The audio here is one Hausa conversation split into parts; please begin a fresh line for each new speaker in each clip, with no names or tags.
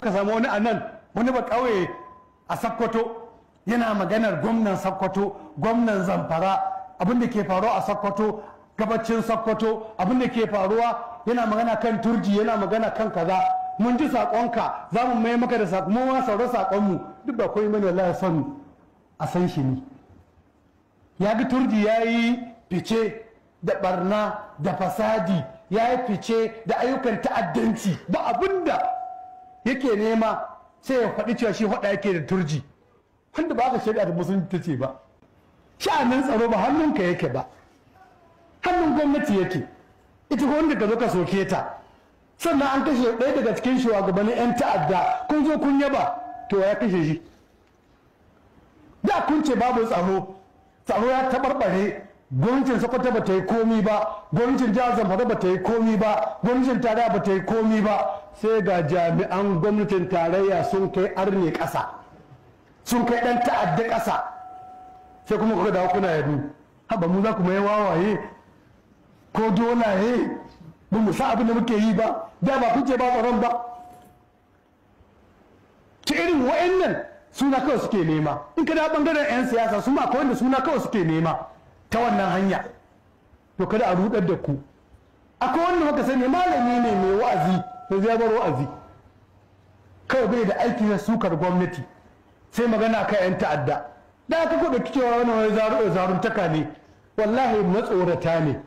kuka samu wani anan wani ba kauye a sakkwato yana maganar gwamnan sakkwato gwamnan zamfara abin da ke faruwa a sakkwato gabacin sakkwato abin da ke faruwa yana magana kan turji yana magana kan kaza mun ji saƙonka za mu mai maka da saƙo mu sauran saƙonmu duk ba kai mana Allah ya san a san shi ne ya ga turji ya yi fice da barna da fasadi ya yi fice da ayyukan ta'addanci ba abinda yake nema sai ya faɗi cewa shi faɗa yake da turji wanda ba ka shari'a da musulunci ta ce ba sha'anin tsaro ba hannunka yake ba hannun gwamnati yake ita ko wanda ka zo ka soke ta sannan an kashe ɗaya daga cikin shugabannin 'yan ta'adda kun zo kun yaba to ya kashe shi da kun ce babu tsaro tsaro ya tabarbare gwamnatin sokoto ba ta yi komi ba gwamnatin jihar zamfara ba ta yi komi ba gwamnatin tarayya ba ta yi komi ba sai ga jami'an gwamnatin tarayya sun kai arne ƙasa sun kai ɗan ta'adda ƙasa sai kuma kuka dawo kuna yadu haba mu za ku mai wawaye ko dolaye ba mu sa da muke yi ba da ba kuke ba tsaron ba ta irin wa'annan suna kawai suke nema in ka da bangaren 'yan siyasa su ma kawai da suna kawai suke nema ta wannan hanya to kada a rudar da ku akwai wanda muka sani malami ne mai wa'azi yanzu ya baro azi kawai bai da aiki na sukar gwamnati sai magana ka 'yan ta'adda da aka kuɗa cewa wani wani zaruntaka ne wallahi matsorata ne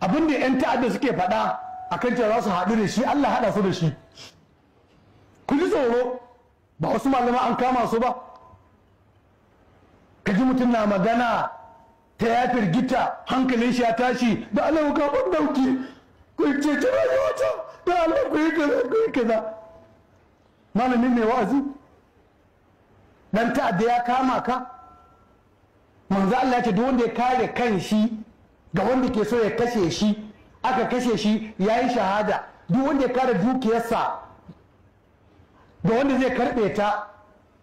abin da 'yan ta'adda suke faɗa a kan cewa za su haɗu da shi allah haɗa su da shi ku ji tsoro ba wasu malama an kama su ba ka ji mutum na magana ta ya firgita hankalin shi ya tashi da allah ka ɗauki Kun ci ceci wata? da Allah ku yi kaza ku yi kaza malamin mai wa'azi dan ta'adda ya kama ka manzo Allah ya ce duk wanda ya kare kan shi ga wanda ke so ya kashe shi aka kashe shi ya yi shahada duk wanda ya kare dukiyarsa ga wanda zai karɓe ta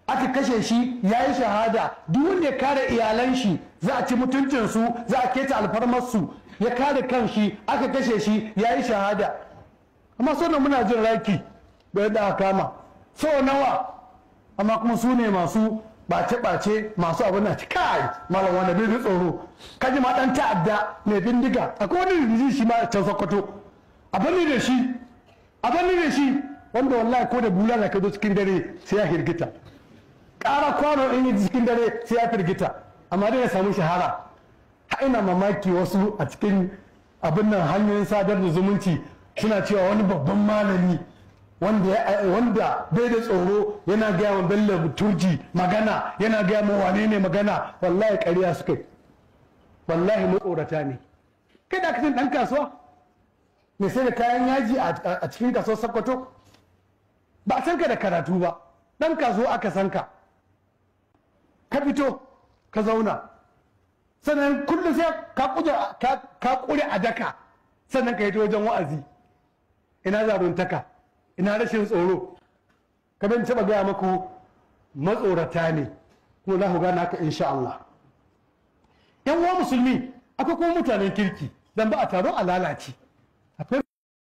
aka kashe shi ya yi shahada duk wanda ya kare iyalan shi za a ci mutuncinsu za a keta alfarmarsu ya kare kanshi aka kashe shi ya yi shahada amma sannan muna jin raki da yadda aka kama so nawa amma kuma su ne masu bace ɓace masu abin na ci kai malam wanda bai da tsoro kaji ma dan ta'adda mai bindiga akwai wani rijiji shi ma can sokoto a da shi a da shi wanda wallahi ko da bula na kazo cikin dare sai ya hirgita ƙara kwano in yi cikin dare sai ya firgita amma dai ya samu shahara ha ina mamaki wasu a cikin abin nan hanyoyin sadar da zumunci suna cewa wani babban malami wanda bai da tsoro yana gaya wa bello turji magana yana gaya ma wane ne magana wallahi ƙarya suka yi wallahi matsorata ne kai da kacin ɗan kasuwa mai sai da kayan yaji a cikin kasuwar sakwato ba a san ka da karatu ba ɗan kasuwa aka san ka ka fito ka zauna sannan kullum sai ka kure a daka sannan ka yi ta wajen wa'azi ina zaruntaka ina rashin tsoro ka kamar taba gaya maku matsorata ne kuma za ku gane haka insha Allah yan uwa musulmi akwai kuma mutanen kirki dan ba a taro a lalace